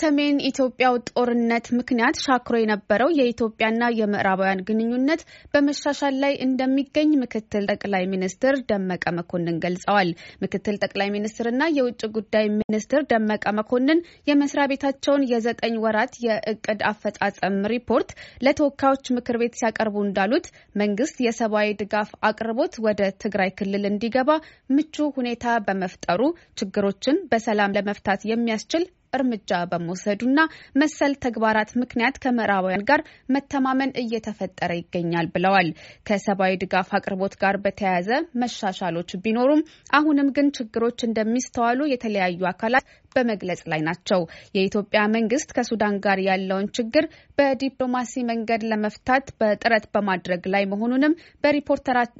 በሰሜን ኢትዮጵያው ጦርነት ምክንያት ሻክሮ የነበረው የኢትዮጵያና የምዕራባውያን ግንኙነት በመሻሻል ላይ እንደሚገኝ ምክትል ጠቅላይ ሚኒስትር ደመቀ መኮንን ገልጸዋል። ምክትል ጠቅላይ ሚኒስትርና የውጭ ጉዳይ ሚኒስትር ደመቀ መኮንን የመስሪያ ቤታቸውን የዘጠኝ ወራት የእቅድ አፈጻጸም ሪፖርት ለተወካዮች ምክር ቤት ሲያቀርቡ እንዳሉት መንግስት የሰብአዊ ድጋፍ አቅርቦት ወደ ትግራይ ክልል እንዲገባ ምቹ ሁኔታ በመፍጠሩ ችግሮችን በሰላም ለመፍታት የሚያስችል እርምጃ በመውሰዱና መሰል ተግባራት ምክንያት ከምዕራባውያን ጋር መተማመን እየተፈጠረ ይገኛል ብለዋል። ከሰብአዊ ድጋፍ አቅርቦት ጋር በተያያዘ መሻሻሎች ቢኖሩም አሁንም ግን ችግሮች እንደሚስተዋሉ የተለያዩ አካላት በመግለጽ ላይ ናቸው። የኢትዮጵያ መንግስት ከሱዳን ጋር ያለውን ችግር በዲፕሎማሲ መንገድ ለመፍታት በጥረት በማድረግ ላይ መሆኑንም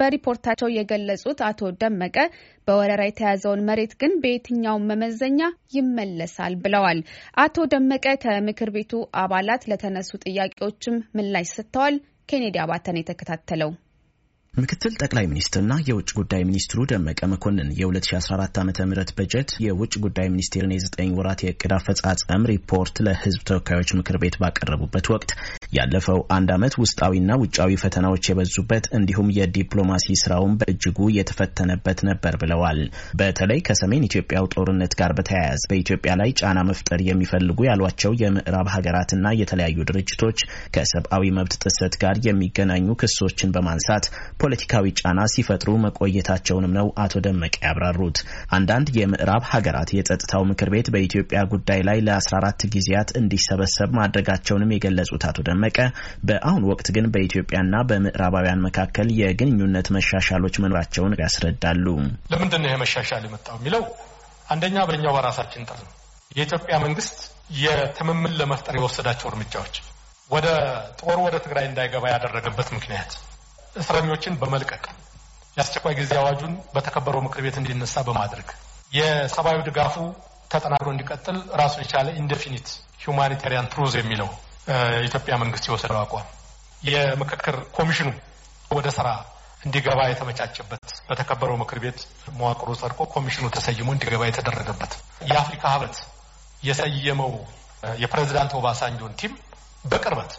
በሪፖርታቸው የገለጹት አቶ ደመቀ በወረራ የተያዘውን መሬት ግን በየትኛው መመዘኛ ይመለሳል ብለዋል። አቶ ደመቀ ከምክር ቤቱ አባላት ለተነሱ ጥያቄዎችም ምላሽ ሰጥተዋል። ኬኔዲ አባተን የተከታተለው ምክትል ጠቅላይ ሚኒስትርና የውጭ ጉዳይ ሚኒስትሩ ደመቀ መኮንን የ2014 ዓ ም በጀት የውጭ ጉዳይ ሚኒስቴርን የዘጠኝ ወራት የእቅድ አፈጻጸም ሪፖርት ለሕዝብ ተወካዮች ምክር ቤት ባቀረቡበት ወቅት ያለፈው አንድ ዓመት ውስጣዊና ውጫዊ ፈተናዎች የበዙበት እንዲሁም የዲፕሎማሲ ስራውን በእጅጉ የተፈተነበት ነበር ብለዋል። በተለይ ከሰሜን ኢትዮጵያው ጦርነት ጋር በተያያዘ በኢትዮጵያ ላይ ጫና መፍጠር የሚፈልጉ ያሏቸው የምዕራብ ሀገራትና የተለያዩ ድርጅቶች ከሰብአዊ መብት ጥሰት ጋር የሚገናኙ ክሶችን በማንሳት ፖለቲካዊ ጫና ሲፈጥሩ መቆየታቸውንም ነው አቶ ደመቀ ያብራሩት። አንዳንድ የምዕራብ ሀገራት የጸጥታው ምክር ቤት በኢትዮጵያ ጉዳይ ላይ ለ14 ጊዜያት እንዲሰበሰብ ማድረጋቸውንም የገለጹት አቶ ደመቀ ደመቀ በአሁኑ ወቅት ግን በኢትዮጵያና በምዕራባውያን መካከል የግንኙነት መሻሻሎች መኖራቸውን ያስረዳሉ። ለምንድን ነው የመሻሻል መሻሻል የመጣው የሚለው አንደኛ በእኛው በራሳችን ጥር ነው። የኢትዮጵያ መንግስት የትምምን ለመፍጠር የወሰዳቸው እርምጃዎች ወደ ጦር ወደ ትግራይ እንዳይገባ ያደረገበት ምክንያት እስረኞችን በመልቀቅ የአስቸኳይ ጊዜ አዋጁን በተከበረው ምክር ቤት እንዲነሳ በማድረግ የሰብአዊ ድጋፉ ተጠናክሮ እንዲቀጥል ራሱ የቻለ ኢንዴፊኒት ሁማኒታሪያን ትሩዝ የሚለው የኢትዮጵያ መንግስት የወሰደው አቋም የምክክር ኮሚሽኑ ወደ ስራ እንዲገባ የተመቻቸበት በተከበረው ምክር ቤት መዋቅሩ ጸድቆ ኮሚሽኑ ተሰይሞ እንዲገባ የተደረገበት የአፍሪካ ህብረት የሰየመው የፕሬዚዳንት ኦባሳንጆን ቲም በቅርበት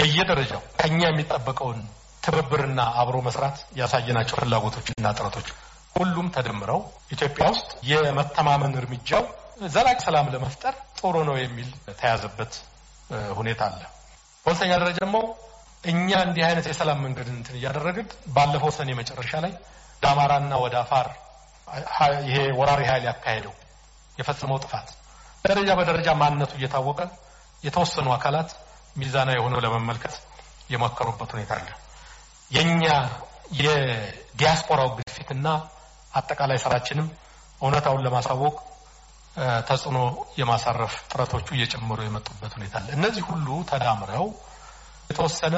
በየደረጃው ከኛ የሚጠበቀውን ትብብርና አብሮ መስራት ያሳየናቸው ፍላጎቶችና ጥረቶች ሁሉም ተደምረው ኢትዮጵያ ውስጥ የመተማመን እርምጃው ዘላቂ ሰላም ለመፍጠር ጥሩ ነው የሚል ተያዘበት ሁኔታ አለ። በሁለተኛ ደረጃ ደግሞ እኛ እንዲህ አይነት የሰላም መንገድ እንትን እያደረግን ባለፈው ሰኔ መጨረሻ ላይ ወደ አማራና ወደ አፋር ይሄ ወራሪ ኃይል ያካሄደው የፈጸመው ጥፋት ደረጃ በደረጃ ማንነቱ እየታወቀ የተወሰኑ አካላት ሚዛናዊ የሆነው ለመመልከት የሞከሩበት ሁኔታ አለ። የእኛ የዲያስፖራው ግፊትና አጠቃላይ ስራችንም እውነታውን ለማሳወቅ ተጽዕኖ የማሳረፍ ጥረቶቹ እየጨመሩ የመጡበት ሁኔታ አለ። እነዚህ ሁሉ ተዳምረው የተወሰነ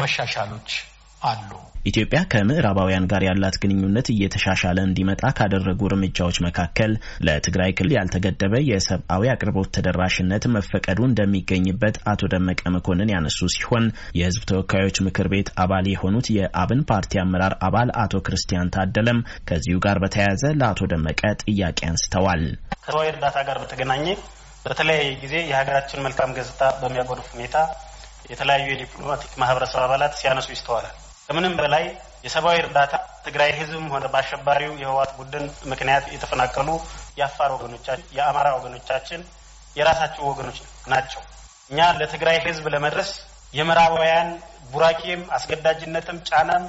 መሻሻሎች አሉ። ኢትዮጵያ ከምዕራባውያን ጋር ያላት ግንኙነት እየተሻሻለ እንዲመጣ ካደረጉ እርምጃዎች መካከል ለትግራይ ክልል ያልተገደበ የሰብአዊ አቅርቦት ተደራሽነት መፈቀዱ እንደሚገኝበት አቶ ደመቀ መኮንን ያነሱ ሲሆን የሕዝብ ተወካዮች ምክር ቤት አባል የሆኑት የአብን ፓርቲ አመራር አባል አቶ ክርስቲያን ታደለም ከዚሁ ጋር በተያያዘ ለአቶ ደመቀ ጥያቄ አንስተዋል። ከሰብአዊ እርዳታ ጋር በተገናኘ በተለያየ ጊዜ የሀገራችን መልካም ገጽታ በሚያጎድፍ ሁኔታ የተለያዩ የዲፕሎማቲክ ማህበረሰብ አባላት ሲያነሱ ይስተዋላል። ከምንም በላይ የሰብአዊ እርዳታ ትግራይ ህዝብም ሆነ በአሸባሪው የህወሓት ቡድን ምክንያት የተፈናቀሉ የአፋር ወገኖቻችን፣ የአማራ ወገኖቻችን የራሳቸው ወገኖች ናቸው። እኛ ለትግራይ ህዝብ ለመድረስ የምዕራባውያን ቡራኬም አስገዳጅነትም ጫናም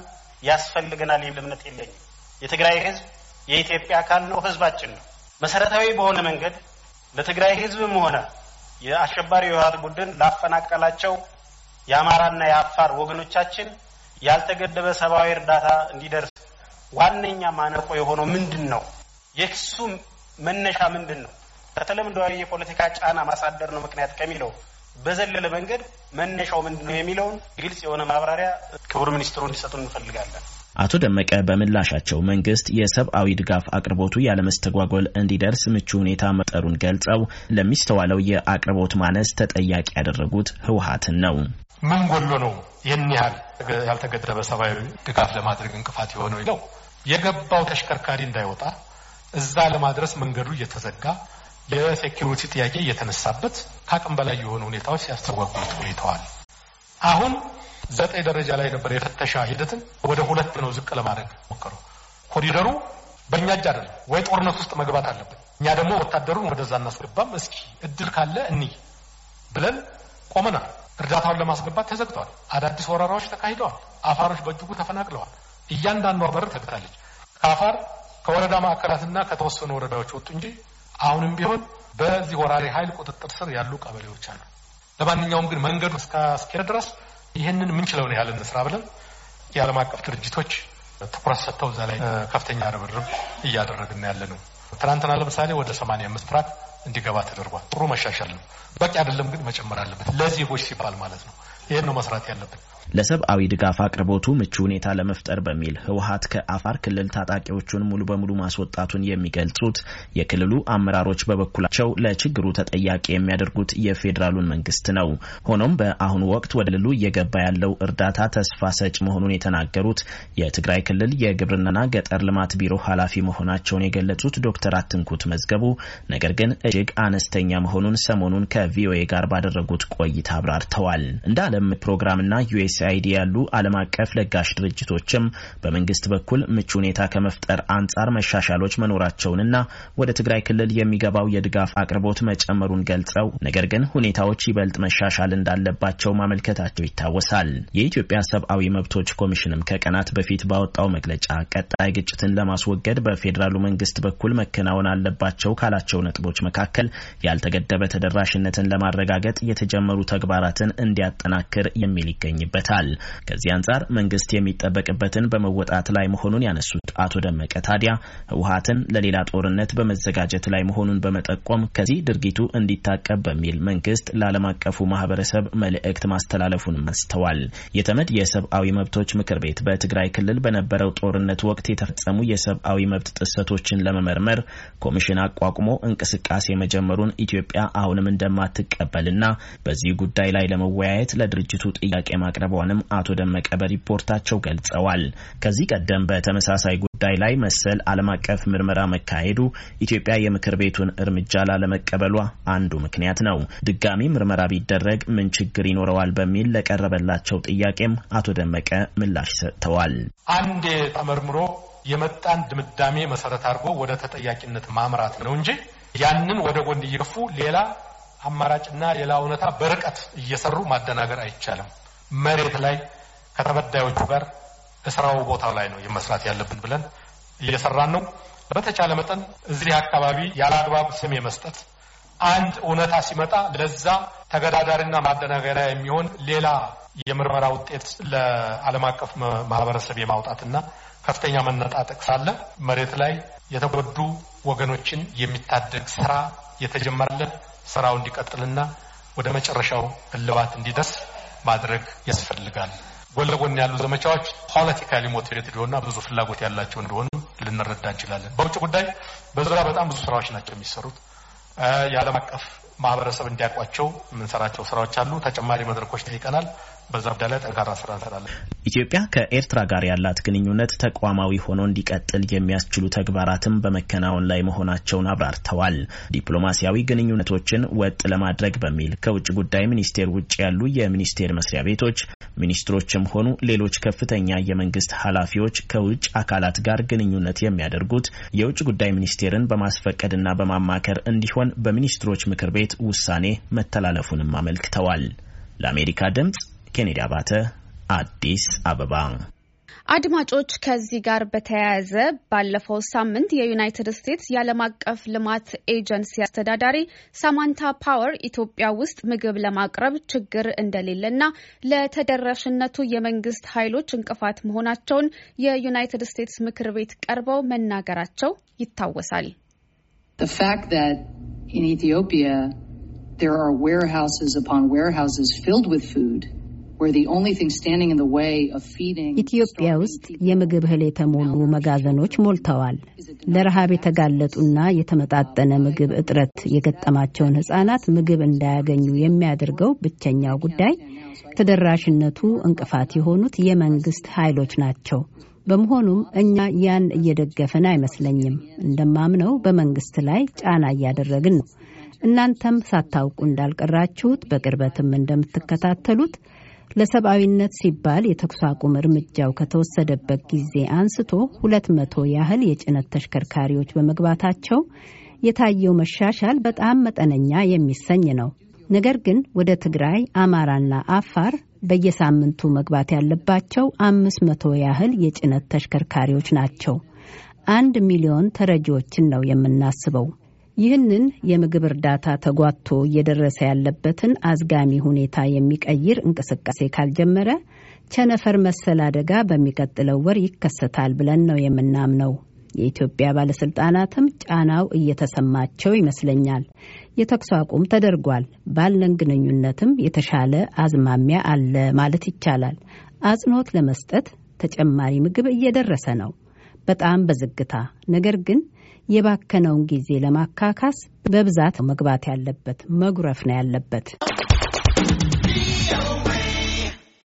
ያስፈልገናል የሚል እምነት የለኝም። የትግራይ ህዝብ የኢትዮጵያ አካል ነው፣ ህዝባችን ነው። መሰረታዊ በሆነ መንገድ ለትግራይ ህዝብም ሆነ የአሸባሪ የህወሓት ቡድን ላፈናቀላቸው የአማራና የአፋር ወገኖቻችን ያልተገደበ ሰብአዊ እርዳታ እንዲደርስ ዋነኛ ማነቆ የሆነው ምንድን ነው? የክሱ መነሻ ምንድን ነው? በተለምዷዊ የፖለቲካ ጫና ማሳደር ነው ምክንያት ከሚለው በዘለለ መንገድ መነሻው ምንድን ነው የሚለውን ግልጽ የሆነ ማብራሪያ ክቡር ሚኒስትሩ እንዲሰጡ እንፈልጋለን። አቶ ደመቀ በምላሻቸው መንግስት የሰብአዊ ድጋፍ አቅርቦቱ ያለመስተጓጎል እንዲደርስ ምቹ ሁኔታ መጠሩን ገልጸው ለሚስተዋለው የአቅርቦት ማነስ ተጠያቂ ያደረጉት ህወሀትን ነው። ምን ጎሎ ነው ይህን ያህል ያልተገደበ ሰብአዊ ድጋፍ ለማድረግ እንቅፋት የሆነው ይለው የገባው ተሽከርካሪ እንዳይወጣ እዛ ለማድረስ መንገዱ እየተዘጋ የሴኪሪቲ ጥያቄ እየተነሳበት ከአቅም በላይ የሆኑ ሁኔታዎች ሲያስተጓጉሉት ቆይተዋል። አሁን ዘጠኝ ደረጃ ላይ ነበር የፍተሻ ሂደትን ወደ ሁለት ነው ዝቅ ለማድረግ ሞከሩ። ኮሪደሩ በእኛ እጅ አይደለም ወይ ጦርነት ውስጥ መግባት አለብን። እኛ ደግሞ ወታደሩን ወደዛ እናስገባም፣ እስኪ እድል ካለ እኒ ብለን ቆመናል። እርዳታውን ለማስገባት ተዘግቷል። አዳዲስ ወረራዎች ተካሂደዋል። አፋሮች በእጅጉ ተፈናቅለዋል። እያንዳንዷ በር ተግታለች። ከአፋር ከወረዳ ማዕከላትና ከተወሰኑ ወረዳዎች ወጡ እንጂ አሁንም ቢሆን በዚህ ወራሪ ኃይል ቁጥጥር ስር ያሉ ቀበሌዎች አሉ። ለማንኛውም ግን መንገዱ እስካስኬደ ድረስ ይህንን የምንችለውን ያህል እንስራ ብለን የዓለም አቀፍ ድርጅቶች ትኩረት ሰጥተው እዛ ላይ ከፍተኛ ርብርብ እያደረግን ያለ ነው። ትናንትና ለምሳሌ ወደ ሰማንያ አምስት እንዲገባ ተደርጓል። ጥሩ መሻሻል ነው። በቂ አይደለም ግን መጨመር አለበት፣ ለዜጎች ሲባል ማለት ነው። ይህን ነው መስራት ያለብን። ለሰብአዊ ድጋፍ አቅርቦቱ ምቹ ሁኔታ ለመፍጠር በሚል ህወሀት ከአፋር ክልል ታጣቂዎቹን ሙሉ በሙሉ ማስወጣቱን የሚገልጹት የክልሉ አመራሮች በበኩላቸው ለችግሩ ተጠያቂ የሚያደርጉት የፌዴራሉን መንግስት ነው። ሆኖም በአሁኑ ወቅት ወደ ልሉ እየገባ ያለው እርዳታ ተስፋ ሰጭ መሆኑን የተናገሩት የትግራይ ክልል የግብርናና ገጠር ልማት ቢሮ ኃላፊ መሆናቸውን የገለጹት ዶክተር አትንኩት መዝገቡ ነገር ግን እጅግ አነስተኛ መሆኑን ሰሞኑን ከቪኦኤ ጋር ባደረጉት ቆይታ አብራርተዋል። እንደ ዓለም ፕሮግራምና ዩኤስ ዩኤስአይዲ ያሉ ዓለም አቀፍ ለጋሽ ድርጅቶችም በመንግስት በኩል ምቹ ሁኔታ ከመፍጠር አንጻር መሻሻሎች መኖራቸውንና ወደ ትግራይ ክልል የሚገባው የድጋፍ አቅርቦት መጨመሩን ገልጸው ነገር ግን ሁኔታዎች ይበልጥ መሻሻል እንዳለባቸው ማመልከታቸው ይታወሳል። የኢትዮጵያ ሰብአዊ መብቶች ኮሚሽንም ከቀናት በፊት ባወጣው መግለጫ ቀጣይ ግጭትን ለማስወገድ በፌዴራሉ መንግስት በኩል መከናወን አለባቸው ካላቸው ነጥቦች መካከል ያልተገደበ ተደራሽነትን ለማረጋገጥ የተጀመሩ ተግባራትን እንዲያጠናክር የሚል ይገኝበታል። ይገኝበታል። ከዚህ አንጻር መንግስት የሚጠበቅበትን በመወጣት ላይ መሆኑን ያነሱት አቶ ደመቀ ታዲያ ህወሀትን ለሌላ ጦርነት በመዘጋጀት ላይ መሆኑን በመጠቆም ከዚህ ድርጊቱ እንዲታቀብ በሚል መንግስት ለዓለም አቀፉ ማህበረሰብ መልእክት ማስተላለፉን መስተዋል። የተመድ የሰብአዊ መብቶች ምክር ቤት በትግራይ ክልል በነበረው ጦርነት ወቅት የተፈጸሙ የሰብአዊ መብት ጥሰቶችን ለመመርመር ኮሚሽን አቋቁሞ እንቅስቃሴ መጀመሩን ኢትዮጵያ አሁንም እንደማትቀበልና በዚህ ጉዳይ ላይ ለመወያየት ለድርጅቱ ጥያቄ ማቅረቧንም አቶ ደመቀ በሪፖርታቸው ገልጸዋል። ከዚህ ቀደም በተመሳሳይ ጉዳይ ላይ መሰል ዓለም አቀፍ ምርመራ መካሄዱ ኢትዮጵያ የምክር ቤቱን እርምጃ ላለመቀበሏ አንዱ ምክንያት ነው። ድጋሚ ምርመራ ቢደረግ ምን ችግር ይኖረዋል በሚል ለቀረበላቸው ጥያቄም አቶ ደመቀ ምላሽ ሰጥተዋል። አንዴ ተመርምሮ የመጣን ድምዳሜ መሰረት አድርጎ ወደ ተጠያቂነት ማምራት ነው እንጂ ያንን ወደ ጎን እየገፉ ሌላ አማራጭና ሌላ እውነታ በርቀት እየሰሩ ማደናገር አይቻልም። መሬት ላይ ከተበዳዮቹ ጋር ስራው ቦታው ላይ ነው መስራት ያለብን ብለን እየሰራን ነው። በተቻለ መጠን እዚህ አካባቢ ያለ አግባብ ስም የመስጠት አንድ እውነታ ሲመጣ ለዛ ተገዳዳሪና ማደናገሪያ የሚሆን ሌላ የምርመራ ውጤት ለዓለም አቀፍ ማህበረሰብ የማውጣትና ከፍተኛ መነጣጠቅ ሳለ መሬት ላይ የተጎዱ ወገኖችን የሚታደግ ስራ የተጀመረለን ስራው እንዲቀጥልና ወደ መጨረሻው እልባት እንዲደርስ ማድረግ ያስፈልጋል። ጎን ለጎን ያሉ ዘመቻዎች ፖለቲካሊ ሞቲቬትድ የሆኑና ብዙ ፍላጎት ያላቸው እንደሆኑ ልንረዳ እንችላለን። በውጭ ጉዳይ በዙሪያ በጣም ብዙ ስራዎች ናቸው የሚሰሩት። የዓለም አቀፍ ማህበረሰብ እንዲያውቋቸው የምንሰራቸው ስራዎች አሉ። ተጨማሪ መድረኮች ጠይቀናል። በዛ ጉዳይ ላይ ጠንካራ ስራ እንሰራለን። ኢትዮጵያ ከኤርትራ ጋር ያላት ግንኙነት ተቋማዊ ሆኖ እንዲቀጥል የሚያስችሉ ተግባራትም በመከናወን ላይ መሆናቸውን አብራርተዋል። ዲፕሎማሲያዊ ግንኙነቶችን ወጥ ለማድረግ በሚል ከውጭ ጉዳይ ሚኒስቴር ውጭ ያሉ የሚኒስቴር መስሪያ ቤቶች ሚኒስትሮችም ሆኑ ሌሎች ከፍተኛ የመንግስት ኃላፊዎች ከውጭ አካላት ጋር ግንኙነት የሚያደርጉት የውጭ ጉዳይ ሚኒስቴርን በማስፈቀድና በማማከር እንዲሆን በሚኒስትሮች ምክር ቤት ውሳኔ መተላለፉንም አመልክተዋል። ለአሜሪካ ድምጽ ኬኔዲ አባተ አዲስ አበባ። አድማጮች ከዚህ ጋር በተያያዘ ባለፈው ሳምንት የዩናይትድ ስቴትስ የዓለም አቀፍ ልማት ኤጀንሲ አስተዳዳሪ ሳማንታ ፓወር ኢትዮጵያ ውስጥ ምግብ ለማቅረብ ችግር እንደሌለና ለተደራሽነቱ የመንግስት ኃይሎች እንቅፋት መሆናቸውን የዩናይትድ ስቴትስ ምክር ቤት ቀርበው መናገራቸው ይታወሳል። In Ethiopia, there are warehouses upon warehouses filled with food. ኢትዮጵያ ውስጥ የምግብ እህል የተሞሉ መጋዘኖች ሞልተዋል። ለረሃብ የተጋለጡና የተመጣጠነ ምግብ እጥረት የገጠማቸውን ሕጻናት ምግብ እንዳያገኙ የሚያደርገው ብቸኛው ጉዳይ ተደራሽነቱ እንቅፋት የሆኑት የመንግስት ኃይሎች ናቸው። በመሆኑም እኛ ያን እየደገፍን አይመስለኝም። እንደማምነው በመንግስት ላይ ጫና እያደረግን ነው። እናንተም ሳታውቁ እንዳልቀራችሁት በቅርበትም እንደምትከታተሉት ለሰብአዊነት ሲባል የተኩስ አቁም እርምጃው ከተወሰደበት ጊዜ አንስቶ ሁለት መቶ ያህል የጭነት ተሽከርካሪዎች በመግባታቸው የታየው መሻሻል በጣም መጠነኛ የሚሰኝ ነው። ነገር ግን ወደ ትግራይ፣ አማራና አፋር በየሳምንቱ መግባት ያለባቸው አምስት መቶ ያህል የጭነት ተሽከርካሪዎች ናቸው። አንድ ሚሊዮን ተረጂዎችን ነው የምናስበው። ይህንን የምግብ እርዳታ ተጓቶ እየደረሰ ያለበትን አዝጋሚ ሁኔታ የሚቀይር እንቅስቃሴ ካልጀመረ ቸነፈር መሰል አደጋ በሚቀጥለው ወር ይከሰታል ብለን ነው የምናምነው። የኢትዮጵያ ባለስልጣናትም ጫናው እየተሰማቸው ይመስለኛል። የተኩስ አቁም ተደርጓል፣ ባለን ግንኙነትም የተሻለ አዝማሚያ አለ ማለት ይቻላል። አጽንኦት ለመስጠት ተጨማሪ ምግብ እየደረሰ ነው፣ በጣም በዝግታ ነገር ግን የባከነውን ጊዜ ለማካካስ በብዛት መግባት ያለበት መጉረፍ ነው ያለበት።